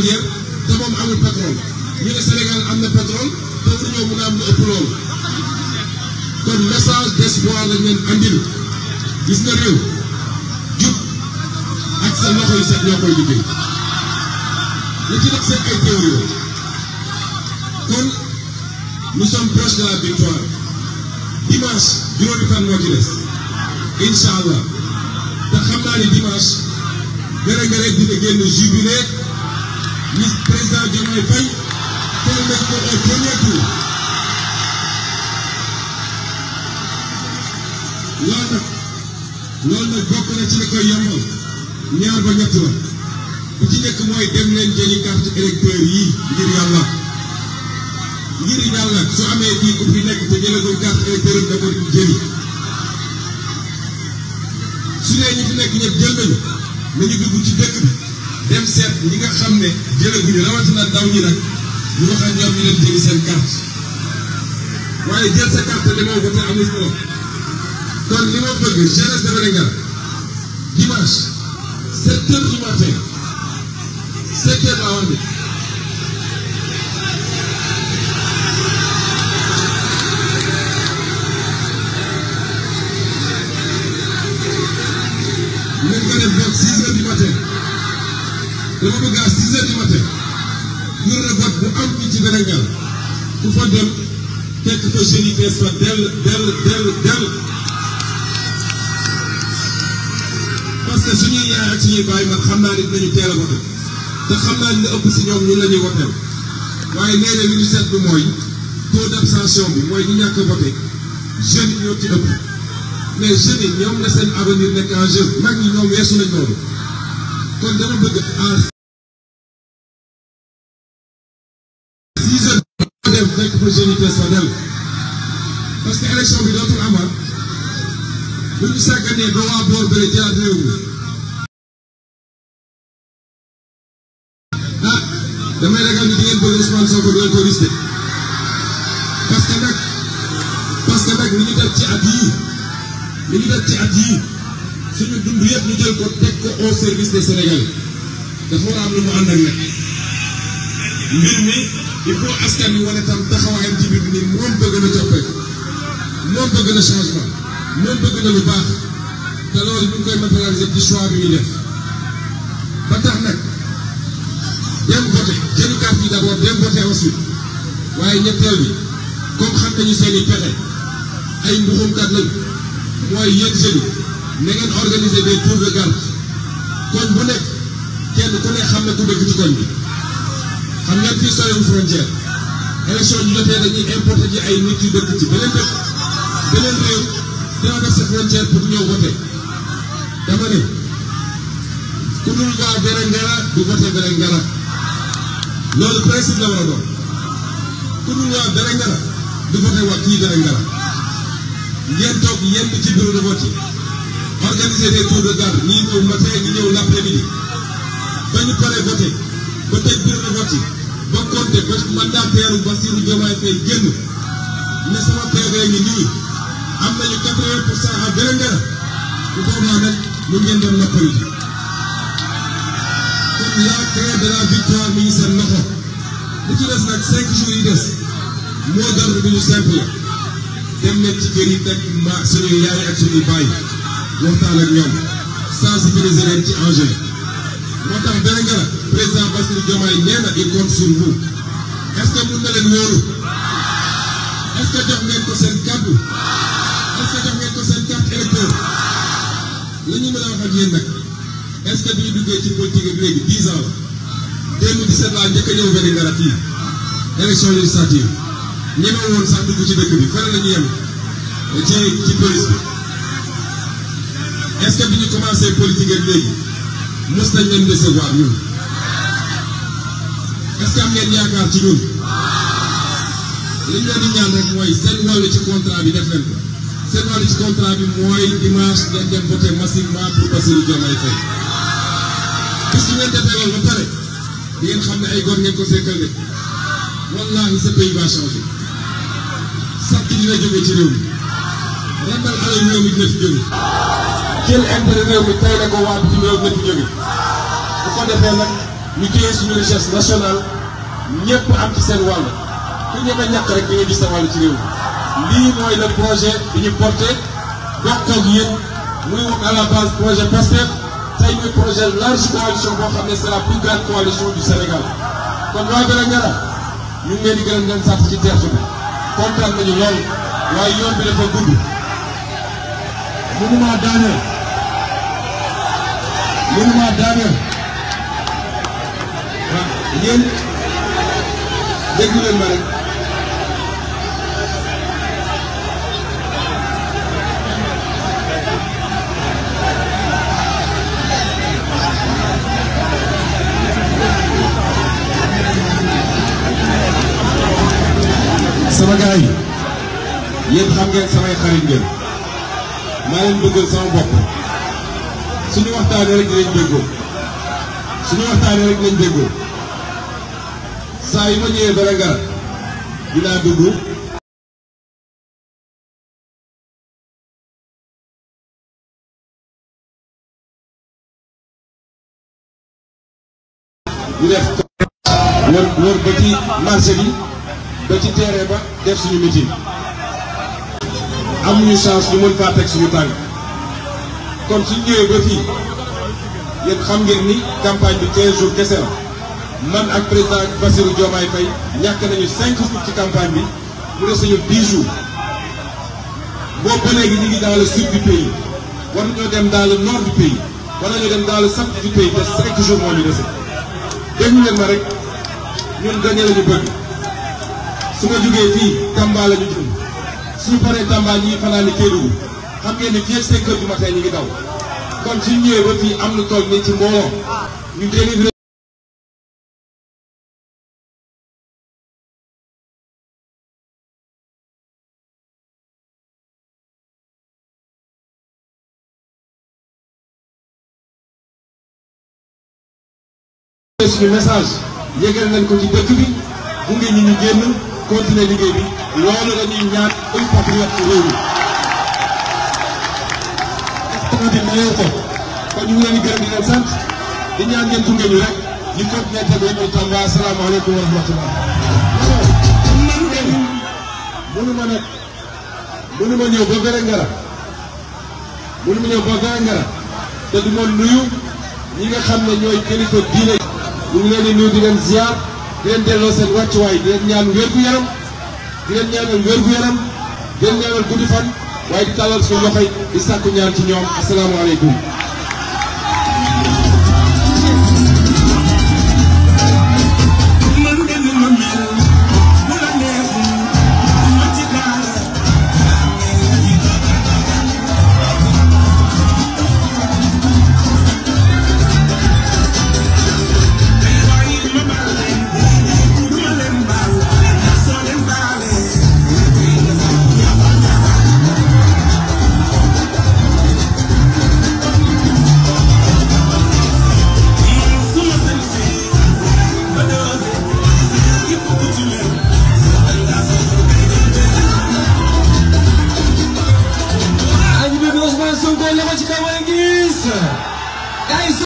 gazière te amul pétrole ñu ne Sénégal am na pétrole te fu ñëw mun a am lu ëpp loolu kon message d'espoir lañ leen andil gis nga réew jub ak sa loxo yu set ñoo koy liggéey li ci nag la ci des incha allah te xam naa ni dimanche gërë-gërë dina génn jubilé. vice président Diomaye Faye jël nañ nag bokk na ci li koy yombal ñaar ba ñett la bu ci njëkk mooy dem leen jëli carte électeur yi ngir yàlla. ngir yàlla su amee fii ku fi nekk te jëlagul carte électeur da ko jëli. su dee ñu fi nekk ñëpp jël nañu nañu dugg ci dëkk dem seet ñi nga xam ne jëlaguñu rawatina daw ñi nag ñu wax ak ñoom ñu leen jëli seen carte waaye jël sa carte demoo ko te amul ko kon li ma bëgg jeunesse de Vélingara dimanche sept heures du matin sept heures la woon dama bëgg à six heures du matin pour bu am fii ci Sénégal ku fa dem fekk fa jeunes yi fees fa dell dell dell dell parce suñuy yaay ak suñuy bàyyi man xam naa ni dinañu teel a te xam naa ni ëpp si ñoom ñun la ñuy woteel waaye léeg-léeg li ñu seetlu mooy taux d'abstention bi mooy ñu ñàkk a voté jeunes yi ñoo ci ëpp mais jeunes yi ñoom la seen avenir nekk en mag ñi ñoom weesu nañ loolu kon dama bëgg à nekk fa jeune yi sa del parce que élection bi dootul amal bu ñu sàgganee ba mi ah damay ragal ni que parce que li ñu at yii li ñu suñu dund yëpp ñu jël ko teg ko au service de Sénégalais dafa war a am lu mu ànd ak nag mbir mi. il faut askan wi wane tam taxawaayam ci biir ni moom bëgg na coppeeku moom bëgg na changement moom bëgg na lu baax te loolu ñu ngi koy matérialiser ci choix bi ñu def ba tax nag dem voté jëli carte yi d'abord dem voté ensuite waaye ñetteel bi comme xam nañu seen i pexe ay mbuxumkat lañu mooy yéen jeunes yi na ngeen organiser des tours bu nekk kenn ku ne xam ne ku dëkk ci bi. xam nga fii soriwul frontière élection bi jotee dañuy importer ji ay nit yu dëkk ci beneen dëkk beneen réew dina def sa frontière pour ñëw voté dama ne ku dul gaa Vélingara du voté Vélingara loolu principe la war a doon ku dul waa ci bureau de vote yi organiser des tours de garde ñii ñëw matin ñi ba ñu paree voté ba tëj bureau de vote yi. ba compté ba mandataire Bassirou Diomaye Faye génn ne sama PV ngi nii am nañu quatre-vingt pour cent à Vélingara bu boobaa nag lu ngeen doon nappalu ji kon yaa créé de la mi ngi seen loxo li ci des nag cinq jours des moo dal bi ñu simple dem leen ci kër yi teg ma suñuy yaay ak suñuy baay waxtaan ak ñoom sensibiliser moo tax Vélingara président Bassirou Diomaye nee na il compte sur vous est-ce jox ngeen ko seen kàddu est-ce que jox ngeen a wax nag est que bi ñu duggee ci politique bi léegi 10 ans la 2017 laa njëkk a ñëw Vélingara fii élection législative ñi ma woon sax dugg ci dëkk bi fële la ñu yem ci ci bi est-ce que bi ñu commencé politique ak léegi. mës nañ leen décevoir ñun est-ce am ngeen yaakaar ci ñun li ñu di ñaan rek mooy seen wàllu ci contrat bi def leen ko seen wàllu ci contrat bi mooy dimanche ngeen dem voté massivement pour Bassirou Diomaye Faye. parce que ngeen defee loolu ba pare di xam ne ay góor ngeen ko sekkal de wallaahi ce pays va changer sàkk dina jóge ci réew mi rembal alal réew mi dina fi jóge. jël intérêt réew mi tey la ko waa bitim réew nañ fi jóge bu ko defee nag ñu téye suñu richesse nationale ñëpp am ci seen wàll ku ñeme ñàkk rek di nga gis wàll ci réew lii mooy le projet bi ñu porté muy à la base projet PASTEF tey muy projet large coalition boo xam ne c'est la plus grande coalition du Sénégal kon waa Vélingara ñu ngi leen di gërëm leen sant ci teertu bi kontaan nañu lool waaye yoon bi dafa gudd mënuma daaneel monument daaneel waaw yéen leen ma rek sama gars yi yéen xam ngeen samay xarit ngeen maa leen bëggal sama bopp. suñu waxtaanee rek dinañ déggoo suñu waxtaanee rek dinañ déggoo saa yu ma ñëwee dara dinaa dugg. wër ba ci marché bi ba ci terrain ba def suñu meeting amuñu chance ñu mën faa suñu tànk. kon suñ ñëwee ba fii yéen xam ngeen ni campagne bi 15 jours kese la man ak président Bassirou Diomaye Faye ñàkk nañu 5 jours ci campagne bi mu des nañu 10 jours boobu ba ñu ngi dans le sud du pays war nañoo dem dans le nord du pays war nañoo dem dans le centre du pays te 5 jours moo ñu dese déglu ma rek ñun gagné la ñu bëgg su ma jugee fii Tamba la ñu jëm suñu paree Tamba ñii fanaa ni Kédougou xam ngeen ne fii ak 5 heures du matin ñu ngi daw kon suñ ñëwee ba fii am na tool ni ci mbooloo ñu délivré. suñu message yëgal nañ ko ci dëkk bi bu ngi ñu ñu génn continuer liggéey bi loolu dañuy ñaan ay patriote ci réew mi politique ñëw ko kon ñu ngi leen di gërëm di leen sant di ñaan ngeen gunge ñu rek ñu continuer teg la ñuy Tamba asalaamaaleykum wa rahmatulah. mënuma nag mënuma ñëw ba Vélingara ngara mënuma ñëw ba Vélingara ngara te du ma nuyu xam ne ñooy kilifa diine leen di nuyu di di leen delloo seen wàccuwaay di leen ñaan wér yaram di leen ñaanal wér gu yaram di leen ñaanal guddi fan. waaye di tàllal suñu loxo yi di sàkku ñaan ci ñoom asalaamaaleykum